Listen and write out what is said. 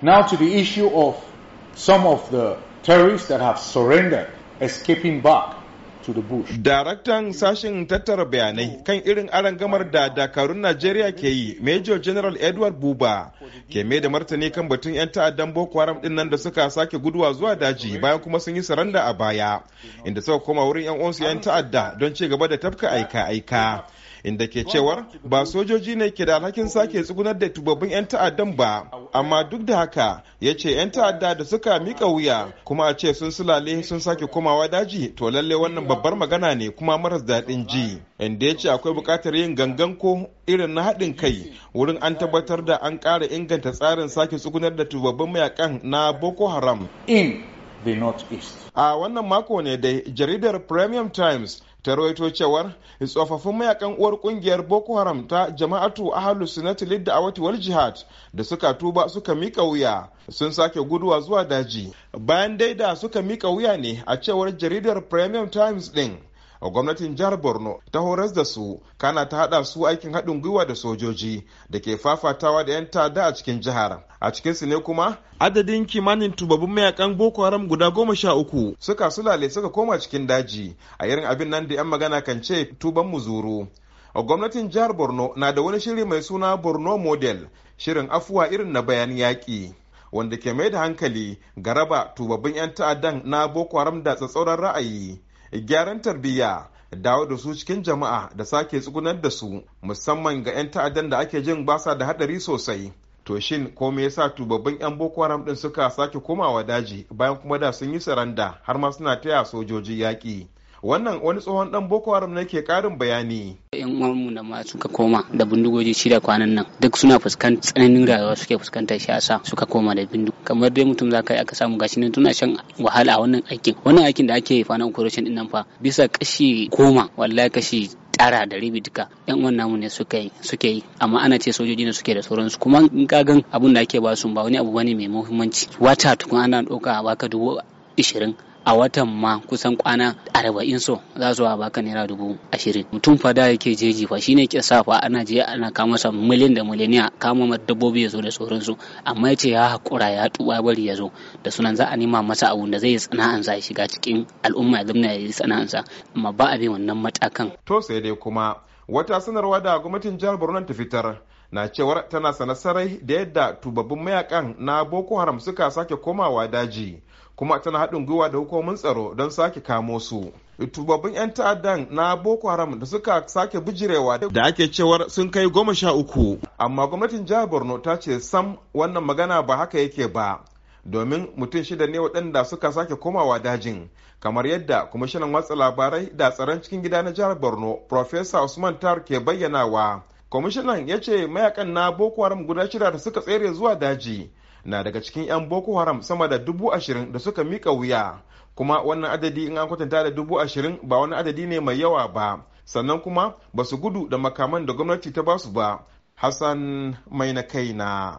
Now to the issue of some of the terrorists that have surrendered, escaping back Daraktan sashen tattara bayanai kan irin aron gamar da dakarun Najeriya ke yi, Major General Edward Buba ke mai da martani kan batun 'yan ta'addan Boko Haram din nan da suka sake guduwa zuwa daji bayan kuma sun yi saranda a baya, inda suka koma wurin 'yan uwansu 'yan ta'adda don ci gaba da tafka aika-aika. inda ke cewar ba sojoji ne ke da alhakin sake tsugunar da tubabbin 'yan ta'addan ba amma duk da haka ya ce 'yan ta'adda da suka mika wuya kuma a ce sun sulale sun sake komawa daji to lalle wannan babbar magana ne kuma maras daɗin ji inda ya ce akwai buƙatar yin gangan ko irin na haɗin kai wurin an tabbatar da an ƙara inganta tsarin sake tsugunar da tubabbin mayakan na boko haram in the northeast a wannan mako ne da jaridar premium times ta rawaito cewar tsofaffin mayakan uwar kungiyar boko haram ta jama'atu ahalu sunati da a wal jihad da suka tuba suka mika wuya sun sake guduwa zuwa daji bayan daida suka mika wuya ne a cewar jaridar premium times din a gwamnatin jihar borno ta horas da su kana ta hada su aikin haɗin gwiwa da sojoji da ke fafatawa da 'yan ta'adda a cikin jihar a cikin su ne kuma adadin kimanin tubabin mayakan boko haram guda goma sha uku suka sulale suka koma cikin daji a irin abin nan da 'yan magana kan ce tuban muzuru gwamnatin jihar borno na da wani shiri mai suna borno model shirin afuwa irin na bayan yaƙi wanda ke mai da hankali ga raba tubabin 'yan ta'addan na boko haram da tsatsauran ra'ayi gyaran tarbiyya dawo da su cikin jama'a da sake tsugunar da su musamman ga 'yan ta'addan da ake jin basa da hadari sosai to shin ko me yasa tubabbin 'yan boko haram din suka sake komawa daji bayan kuma da sun yi saranda har ma suna taya sojoji yaƙi wannan wani tsohon dan boko haram ne ke karin bayani yan uwanmu da ma suka koma da bindigoji shida kwanan nan duk suna fuskantar tsananin rayuwa suke fuskantar shi yasa suka koma da bindu kamar dai mutum zaka yi aka samu gashi nan tuna shan wahala a wannan aikin wannan aikin da ake fana ku operation din nan fa bisa kashi koma wallahi kashi tara da ribi duka yan uwan namu ne suka yi suke yi amma ana ce sojoji ne suke da sauransu kuma in ka gan abun da ake ba su ba wani abu bane mai muhimmanci wata tukun ana ɗauka a baka dubu ishirin a watan ma kusan kwana arba'in so za su baka naira dubu ashirin mutum fa da yake jeji fa shine ke sa fa ana je ana kama sa miliyan da ya kama ma dabbobi ya zo da sauran su amma ya ce ya hakura ya tuba bari ya zo da sunan za a nema masa abun da zai yi sana'ansa ya shiga cikin al'umma ya zamna ya yi sana'ansa amma ba a bi wannan matakan to sai dai kuma wata sanarwa da gwamnatin jihar borno ta fitar na cewar tana sanasarai da yadda tubabbin mayakan na boko haram suka sake komawa daji kuma tana haɗin gwiwa da hukumomin tsaro don sake kamo su tubabbin 'yan ta'addan na boko haram da suka sake bijirewa da ake cewar sun kai goma sha uku amma gwamnatin jihar borno ta ce sam wannan magana ba haka yake ba domin mutum shida ne waɗanda suka sake komawa dajin kamar yadda kwamishinan watsa labarai da tsaron cikin gida na jihar borno professor usman tar ke bayyanawa kwamishinan ya ce mayakan na boko haram guda shida da suka tsere zuwa daji na daga cikin 'yan boko haram sama da dubu ashirin da suka mika wuya kuma wannan adadi in an kwatanta da dubu ashirin ba wani adadi ne mai yawa ba sannan kuma ba su gudu da makaman da gwamnati ta basu ba hassan mai na kaina